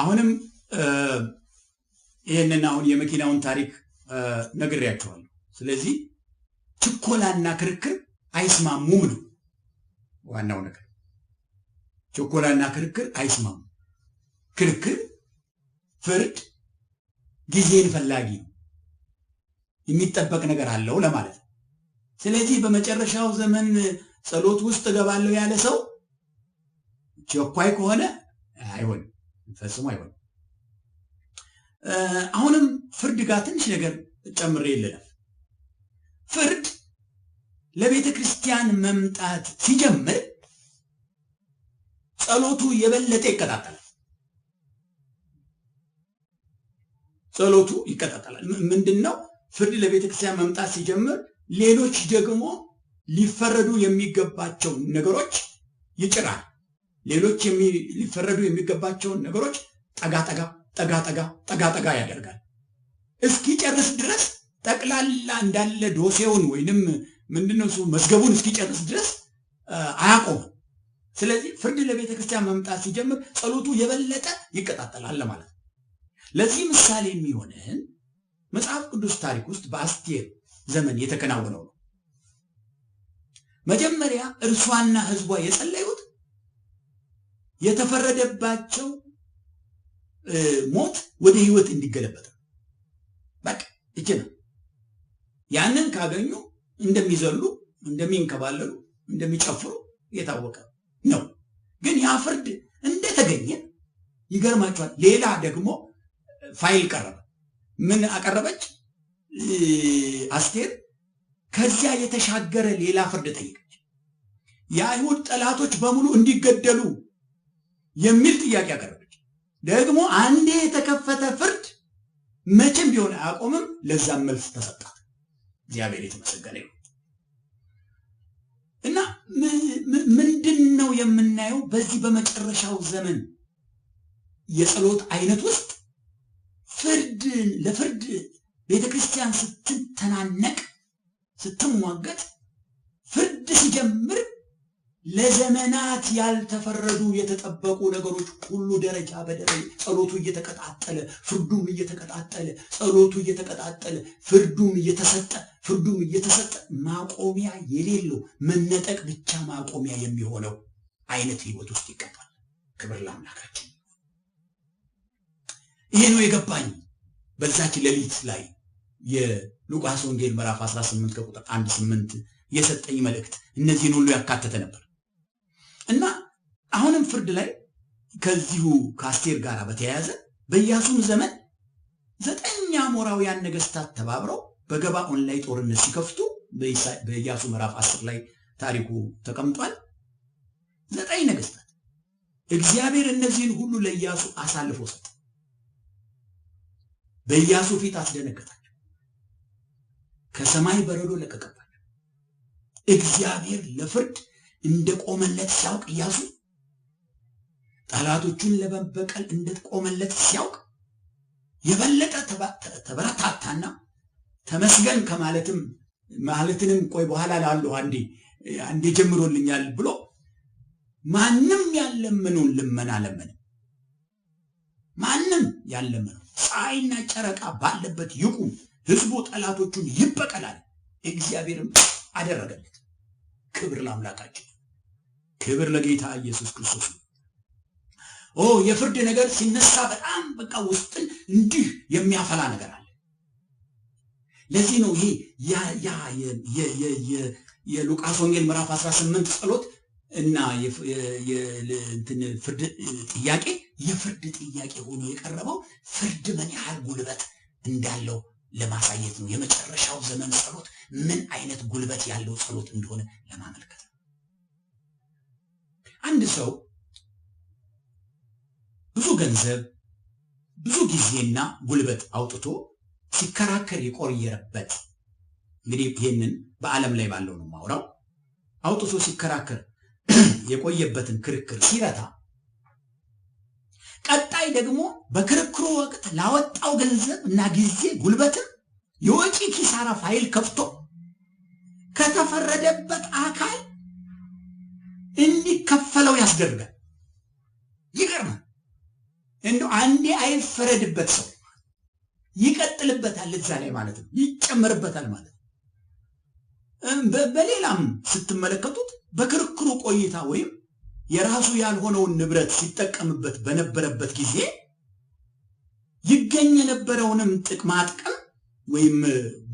አሁንም ይህንን አሁን የመኪናውን ታሪክ ነግሬያቸዋለሁ። ስለዚህ ችኮላና ክርክር አይስማሙም ነው ዋናው ነገር። ችኮላና ክርክር አይስማሙም። ክርክር ፍርድ ጊዜን ፈላጊ ነው፣ የሚጠበቅ ነገር አለው ለማለት ነው። ስለዚህ በመጨረሻው ዘመን ጸሎት ውስጥ እገባለሁ ያለ ሰው ቸኳይ ከሆነ አይሆንም። ፈጽሞ አይሆንም። አሁንም ፍርድ ጋር ትንሽ ነገር ጨምሬ የለንም። ፍርድ ለቤተ ክርስቲያን መምጣት ሲጀምር ጸሎቱ የበለጠ ይቀጣጠላል። ጸሎቱ ይቀጣጠላል። ምንድን ነው? ፍርድ ለቤተ ክርስቲያን መምጣት ሲጀምር ሌሎች ደግሞ ሊፈረዱ የሚገባቸው ነገሮች ይጭራል። ሌሎች ሊፈረዱ የሚገባቸውን ነገሮች ጠጋ ጠጋ ጠጋ ጠጋ ያደርጋል። እስኪጨርስ ድረስ ጠቅላላ እንዳለ ዶሴውን ወይንም ምንድነው እሱ መዝገቡን እስኪጨርስ ድረስ አያቆምም። ስለዚህ ፍርድ ለቤተ ክርስቲያን መምጣት ሲጀምር ጸሎቱ የበለጠ ይቀጣጠላል ማለት ነው። ለዚህ ምሳሌ የሚሆንን መጽሐፍ ቅዱስ ታሪክ ውስጥ በአስቴር ዘመን የተከናወነው ነው። መጀመሪያ እርሷና ህዝቧ የጸለዩ የተፈረደባቸው ሞት ወደ ህይወት እንዲገለበጥ በቃ እጅ ነው። ያንን ካገኙ እንደሚዘሉ፣ እንደሚንከባለሉ፣ እንደሚጨፍሩ የታወቀ ነው። ግን ያ ፍርድ እንደተገኘ ይገርማቸዋል። ሌላ ደግሞ ፋይል ቀረበ። ምን አቀረበች አስቴር? ከዚያ የተሻገረ ሌላ ፍርድ ጠየቀች። የአይሁድ ጠላቶች በሙሉ እንዲገደሉ የሚል ጥያቄ አቀረበች። ደግሞ አንዴ የተከፈተ ፍርድ መቼም ቢሆን አያቆምም። ለዛም መልስ ተሰጣት። እግዚአብሔር የተመሰገነ ይሁን እና ምንድን ነው የምናየው በዚህ በመጨረሻው ዘመን የጸሎት አይነት ውስጥ ፍርድን ለፍርድ ቤተ ክርስቲያን ስትተናነቅ ስትሟገት ፍርድ ሲጀምር ለዘመናት ያልተፈረዱ የተጠበቁ ነገሮች ሁሉ ደረጃ በደረጃ ጸሎቱ እየተቀጣጠለ ፍርዱም እየተቀጣጠለ ጸሎቱ እየተቀጣጠለ ፍርዱም እየተሰጠ ፍርዱም እየተሰጠ ማቆሚያ የሌለው መነጠቅ ብቻ ማቆሚያ የሚሆነው አይነት ህይወት ውስጥ ይገባል። ክብር ለአምላካችን። ይሄ ነው የገባኝ በዛች ሌሊት ላይ የሉቃስ ወንጌል ምዕራፍ 18 ከቁጥር 1 8 የሰጠኝ መልእክት እነዚህን ሁሉ ያካተተ ነበር። እና አሁንም ፍርድ ላይ ከዚሁ ከአስቴር ጋር በተያያዘ በኢያሱም ዘመን ዘጠኝ አሞራውያን ነገስታት ተባብረው በገባኦን ላይ ጦርነት ሲከፍቱ በኢያሱ ምዕራፍ አስር ላይ ታሪኩ ተቀምጧል። ዘጠኝ ነገስታት እግዚአብሔር እነዚህን ሁሉ ለኢያሱ አሳልፎ ሰጠ። በኢያሱ ፊት አስደነገጣቸው። ከሰማይ በረዶ ለቀቀባቸው። እግዚአብሔር ለፍርድ እንደቆመለት ሲያውቅ ኢያሱ ጠላቶቹን ለመበቀል እንደቆመለት ሲያውቅ የበለጠ ተበረታታና ተመስገን ከማለትም ማለትንም ቆይ በኋላ ላለሁ አንዴ አንዴ ጀምሮልኛል ብሎ ማንም ያለመነውን ልመና ለመነ። ማንም ያለመነው ፀሐይና ጨረቃ ባለበት ይቁም፣ ህዝቡ ጠላቶቹን ይበቀላል። እግዚአብሔርም አደረገለት። ክብር ለአምላካችን። ክብር ለጌታ ኢየሱስ ክርስቶስ ነው። ኦ የፍርድ ነገር ሲነሳ በጣም በቃ ውስጥን እንዲህ የሚያፈላ ነገር አለ። ለዚህ ነው ይሄ ያ የሉቃስ ወንጌል ምዕራፍ 18 ጸሎት እና ፍርድ ጥያቄ የፍርድ ጥያቄ ሆኖ የቀረበው ፍርድ ምን ያህል ጉልበት እንዳለው ለማሳየት ነው። የመጨረሻው ዘመን ጸሎት ምን አይነት ጉልበት ያለው ጸሎት እንደሆነ ለማመልከት አንድ ሰው ብዙ ገንዘብ ብዙ ጊዜና ጉልበት አውጥቶ ሲከራከር የቆየረበት እንግዲህ ይህንን በዓለም ላይ ባለው ነው ማውራው አውጥቶ ሲከራከር የቆየበትን ክርክር ሲረታ ቀጣይ ደግሞ በክርክሩ ወቅት ላወጣው ገንዘብ እና ጊዜ ጉልበትም የወጪ ኪሳራ ፋይል ከፍቶ ከተፈረደበት አካል እንድንከፈለው ያስደርጋል። ይገርማል። እንደው አንዴ አይፈረድበት ሰው ይቀጥልበታል፣ እዛ ላይ ማለት ነው፣ ይጨመርበታል ማለት ነው። በሌላም ስትመለከቱት በክርክሩ ቆይታ ወይም የራሱ ያልሆነውን ንብረት ሲጠቀምበት በነበረበት ጊዜ ይገኝ የነበረውንም ጥቅማ ጥቅም ወይም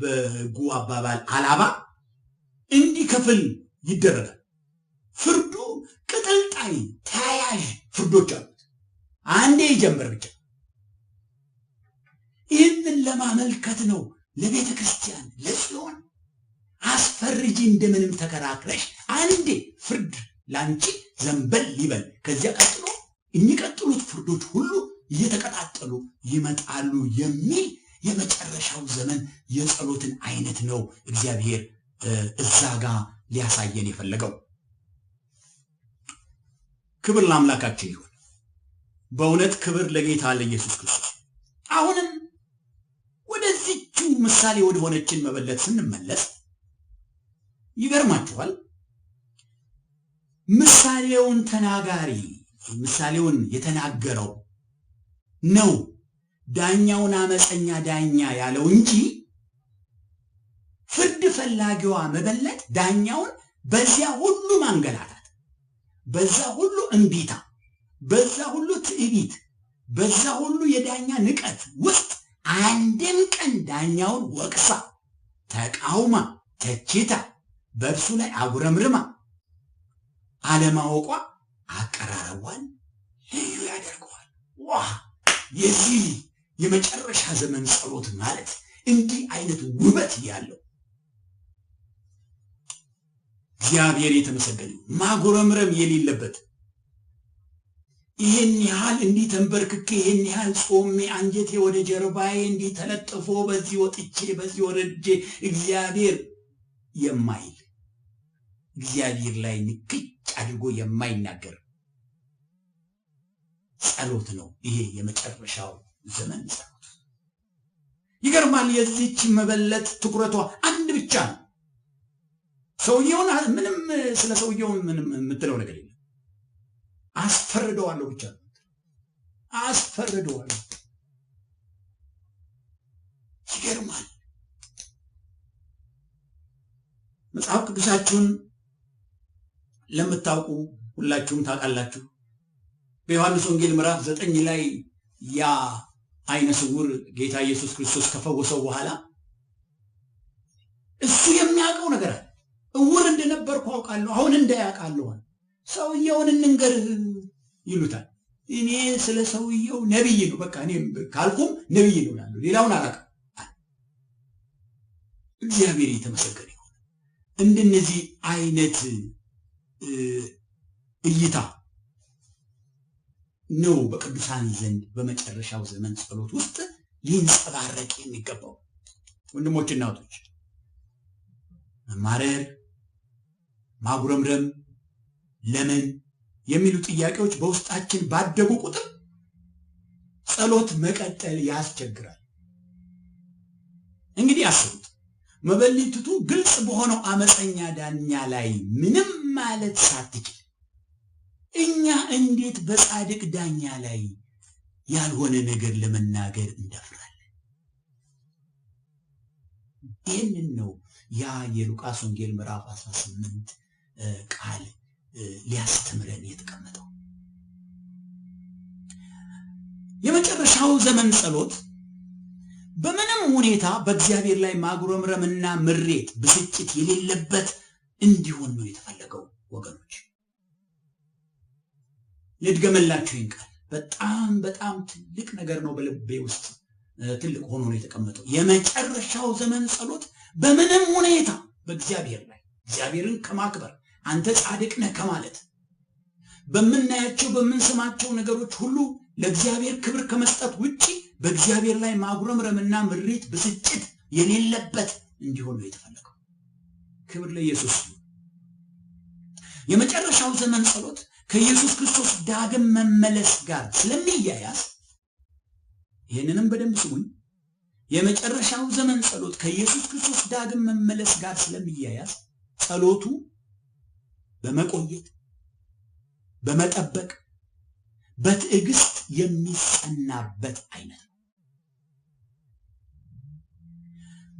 በሕጉ አባባል አላባ እንዲከፍል ይደረጋል። ተቃራኒ ተያያዥ ፍርዶች አሉት። አንዴ ይጀምር ብቻ። ይህንን ለማመልከት ነው ለቤተ ክርስቲያን ለጽዮን አስፈርጂ እንደምንም ተከራክረሽ አንዴ ፍርድ ላንቺ ዘንበል ይበል። ከዚያ ቀጥሎ የሚቀጥሉት ፍርዶች ሁሉ እየተቀጣጠሉ ይመጣሉ የሚል የመጨረሻው ዘመን የጸሎትን አይነት ነው እግዚአብሔር እዛ ጋር ሊያሳየን የፈለገው። ክብር ለአምላካችን ይሁን። በእውነት ክብር ለጌታ ለኢየሱስ ክርስቶስ። አሁንም ወደዚቹ ምሳሌ ወደሆነችን መበለት ስንመለስ ይገርማችኋል። ምሳሌውን ተናጋሪ ምሳሌውን የተናገረው ነው ዳኛውን አመፀኛ ዳኛ ያለው እንጂ ፍርድ ፈላጊዋ መበለት ዳኛውን በዚያ ሁሉ ማንገላታል በዛ ሁሉ እንቢታ፣ በዛ ሁሉ ትዕቢት፣ በዛ ሁሉ የዳኛ ንቀት ውስጥ አንድም ቀን ዳኛውን ወቅሳ፣ ተቃውማ፣ ተችታ፣ በእርሱ ላይ አጉረምርማ አለማወቋ አቀራረቧን ልዩ ያደርገዋል። ዋ የዚህ የመጨረሻ ዘመን ጸሎት ማለት እንዲህ አይነት ውበት ያለው እግዚአብሔር የተመሰገነ ማጉረምረም የሌለበት ይህን ያህል እንዲህ ተንበርክኬ ይህን ያህል ጾሜ አንጀቴ ወደ ጀርባዬ እንዲህ ተለጥፎ በዚህ ወጥቼ በዚህ ወረጄ እግዚአብሔር የማይል እግዚአብሔር ላይ ንክጭ አድርጎ የማይናገር ጸሎት ነው። ይሄ የመጨረሻው ዘመን ጸሎት። ይገርማል። የዚች መበለት ትኩረቷ አንድ ብቻ ነው። ሰውየውን ምንም ስለ ሰውየው ምንም የምትለው ነገር የለም። አስፈርደዋለሁ ብቻ አስፈርደዋለሁ። ይገርማል። መጽሐፍ ቅዱሳችሁን ለምታውቁ ሁላችሁም ታውቃላችሁ። በዮሐንስ ወንጌል ምዕራፍ ዘጠኝ ላይ ያ አይነ ስውር ጌታ ኢየሱስ ክርስቶስ ከፈወሰው በኋላ እሱ የሚያውቀው ነገር አለ። አውቃለሁ፣ አሁን እንዳያውቃለሁ ሰውየውን እንንገርህ ይሉታል። እኔ ስለ ሰውየው ነብይ ነው በቃ እኔ ካልኩም ነብይ ነው እላለሁ፣ ሌላውን አላውቅም። እግዚአብሔር የተመሰገነ ይሁን። እንደነዚህ አይነት እይታ ነው በቅዱሳን ዘንድ በመጨረሻው ዘመን ጸሎት ውስጥ ሊንጸባረቅ የሚገባው። ወንድሞች እናቶች፣ መማረር ማጉረምረም፣ ለምን የሚሉ ጥያቄዎች በውስጣችን ባደጉ ቁጥር ጸሎት መቀጠል ያስቸግራል። እንግዲህ አስቡት፣ መበለቲቱ ግልጽ በሆነው አመፀኛ ዳኛ ላይ ምንም ማለት ሳትችል እኛ እንዴት በጻድቅ ዳኛ ላይ ያልሆነ ነገር ለመናገር እንደፍራለን? ይህንን ነው ያ የሉቃስ ወንጌል ምዕራፍ 18 ቃል ሊያስተምረን የተቀመጠው። የመጨረሻው ዘመን ጸሎት በምንም ሁኔታ በእግዚአብሔር ላይ ማጉረምረምና ምሬት፣ ብስጭት የሌለበት እንዲሆን ነው የተፈለገው። ወገኖች ልድገመላችሁ ይህን ቃል በጣም በጣም ትልቅ ነገር ነው። በልቤ ውስጥ ትልቅ ሆኖ ነው የተቀመጠው። የመጨረሻው ዘመን ጸሎት በምንም ሁኔታ በእግዚአብሔር ላይ እግዚአብሔርን ከማክበር አንተ ጻድቅ ነህ ከማለት በምናያቸው በምንስማቸው ነገሮች ሁሉ ለእግዚአብሔር ክብር ከመስጠት ውጪ በእግዚአብሔር ላይ ማጉረምረምና ምሪት፣ ብስጭት የሌለበት እንዲሆን ነው የተፈለገው። ክብር ለኢየሱስ። የመጨረሻው ዘመን ጸሎት ከኢየሱስ ክርስቶስ ዳግም መመለስ ጋር ስለሚያያዝ ይህንንም በደንብ ስሙኝ። የመጨረሻው ዘመን ጸሎት ከኢየሱስ ክርስቶስ ዳግም መመለስ ጋር ስለሚያያዝ ጸሎቱ በመቆየት በመጠበቅ በትዕግስት የሚጸናበት አይነት ነው።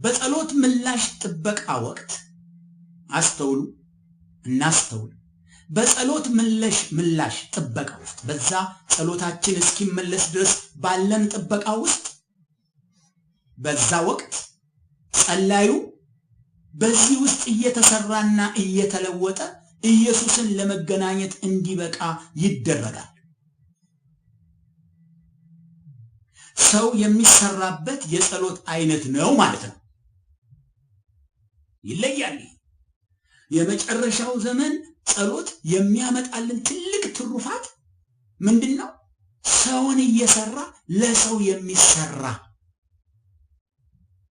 በጸሎት ምላሽ ጥበቃ ወቅት አስተውሉ፣ እናስተውል። በጸሎት ምላሽ ምላሽ ጥበቃ ውስጥ በዛ ጸሎታችን እስኪመለስ ድረስ ባለን ጥበቃ ውስጥ በዛ ወቅት ጸላዩ በዚህ ውስጥ እየተሰራና እየተለወጠ ኢየሱስን ለመገናኘት እንዲበቃ ይደረጋል። ሰው የሚሰራበት የጸሎት አይነት ነው ማለት ነው። ይለያል። የመጨረሻው ዘመን ጸሎት የሚያመጣልን ትልቅ ትሩፋት ምንድን ነው? ሰውን እየሰራ ለሰው የሚሰራ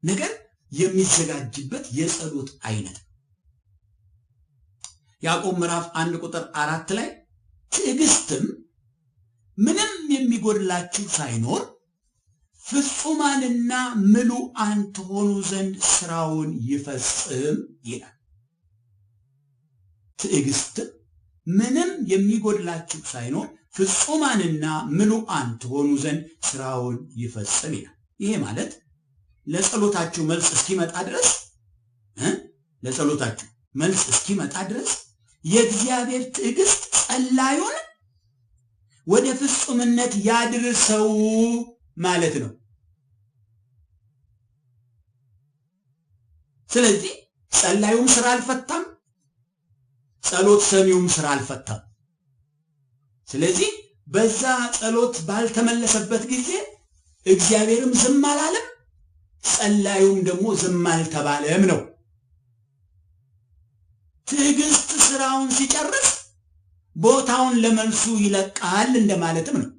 ነገር የሚዘጋጅበት የጸሎት አይነት ያዕቆብ ምዕራፍ አንድ ቁጥር አራት ላይ ትዕግስትም ምንም የሚጎድላችሁ ሳይኖር ፍጹማንና ምሉአን ትሆኑ ዘንድ ስራውን ይፈጽም ይላል። ትዕግስትም ምንም የሚጎድላችሁ ሳይኖር ፍጹማንና ምሉአን ትሆኑ ዘንድ ስራውን ይፈጽም ይላል። ይሄ ማለት ለጸሎታችሁ መልስ እስኪመጣ ድረስ ለጸሎታችሁ መልስ እስኪመጣ ድረስ የእግዚአብሔር ትዕግስት ጸላዩን ወደ ፍጹምነት ያድርሰው ማለት ነው። ስለዚህ ጸላዩም ስራ አልፈታም፣ ጸሎት ሰሚውም ስራ አልፈታም። ስለዚህ በዛ ጸሎት ባልተመለሰበት ጊዜ እግዚአብሔርም ዝም አላለም፣ ጸላዩም ደግሞ ዝም አልተባለም ነው ትዕግስት ስራውን ሲጨርስ ቦታውን ለመልሱ ይለቃል እንደማለትም ነው።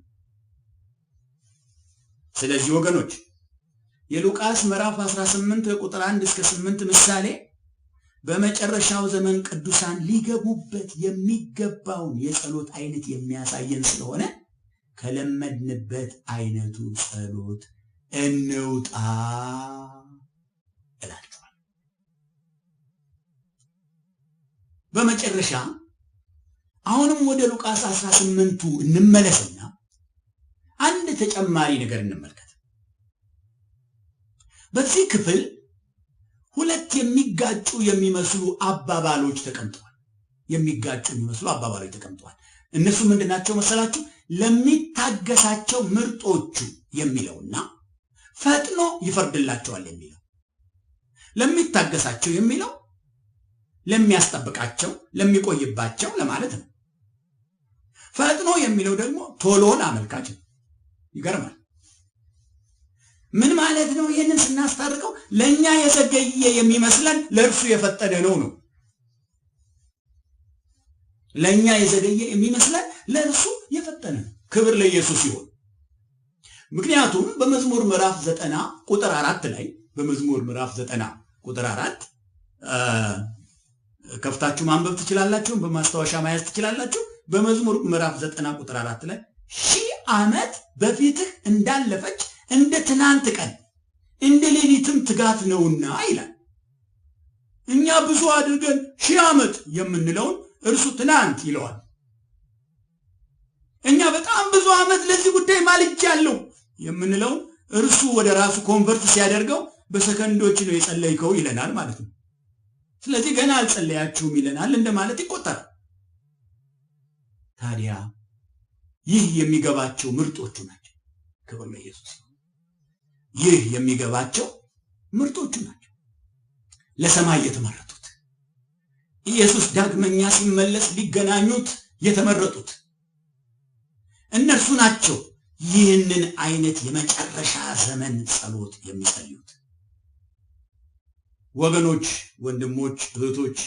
ስለዚህ ወገኖች የሉቃስ ምዕራፍ 18 ቁጥር 1 እስከ 8 ምሳሌ በመጨረሻው ዘመን ቅዱሳን ሊገቡበት የሚገባውን የጸሎት አይነት የሚያሳየን ስለሆነ ከለመድንበት አይነቱ ጸሎት እንውጣ እላለሁ። በመጨረሻ አሁንም ወደ ሉቃስ 18ቱ እንመለስና አንድ ተጨማሪ ነገር እንመልከት። በዚህ ክፍል ሁለት የሚጋጩ የሚመስሉ አባባሎች ተቀምጠዋል። የሚጋጩ የሚመስሉ አባባሎች ተቀምጠዋል። እነሱ ምንድናቸው መሰላችሁ? ለሚታገሳቸው ምርጦቹ የሚለውና ፈጥኖ ይፈርድላቸዋል የሚለው ለሚታገሳቸው የሚለው ለሚያስጠብቃቸው ለሚቆይባቸው ለማለት ነው። ፈጥኖ የሚለው ደግሞ ቶሎን አመልካች ነው። ይገርማል። ምን ማለት ነው? ይህንን ስናስታርቀው ለእኛ የዘገየ የሚመስለን ለእርሱ የፈጠነ ነው ነው ለእኛ የዘገየ የሚመስለን ለእርሱ የፈጠነ ነው። ክብር ለኢየሱስ ይሆን። ምክንያቱም በመዝሙር ምዕራፍ ዘጠና ቁጥር አራት ላይ በመዝሙር ምዕራፍ ዘጠና ቁጥር አራት ከፍታችሁ ማንበብ ትችላላችሁ፣ በማስታወሻ መያዝ ትችላላችሁ። በመዝሙር ምዕራፍ ዘጠና ቁጥር አራት ላይ ሺህ ዓመት በፊትህ እንዳለፈች እንደ ትናንት ቀን እንደ ሌሊትም ትጋት ነውና ይላል። እኛ ብዙ አድርገን ሺህ ዓመት የምንለውን እርሱ ትናንት ይለዋል። እኛ በጣም ብዙ ዓመት ለዚህ ጉዳይ ማልጃለሁ የምንለውን እርሱ ወደ ራሱ ኮንቨርት ሲያደርገው በሰከንዶች ነው የጸለይከው ይለናል ማለት ነው። ስለዚህ ገና አልጸለያችሁም ይለናል እንደማለት ይቆጠራል። ታዲያ ይህ የሚገባቸው ምርጦቹ ናቸው። ክብር ለኢየሱስ። ይህ የሚገባቸው ምርጦቹ ናቸው፣ ለሰማይ የተመረጡት፣ ኢየሱስ ዳግመኛ ሲመለስ ሊገናኙት የተመረጡት እነርሱ ናቸው። ይህንን አይነት የመጨረሻ ዘመን ጸሎት የሚጸልዩት ወገኖች፣ ወንድሞች፣ እህቶች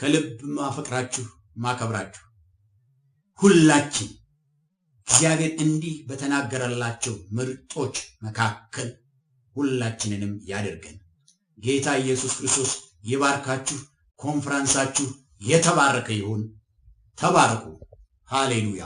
ከልብ ማፈቅራችሁ ማከብራችሁ ሁላችን እግዚአብሔር እንዲህ በተናገረላቸው ምርጦች መካከል ሁላችንንም ያደርገን። ጌታ ኢየሱስ ክርስቶስ ይባርካችሁ። ኮንፈረንሳችሁ የተባረከ ይሁን። ተባረኩ። ሃሌሉያ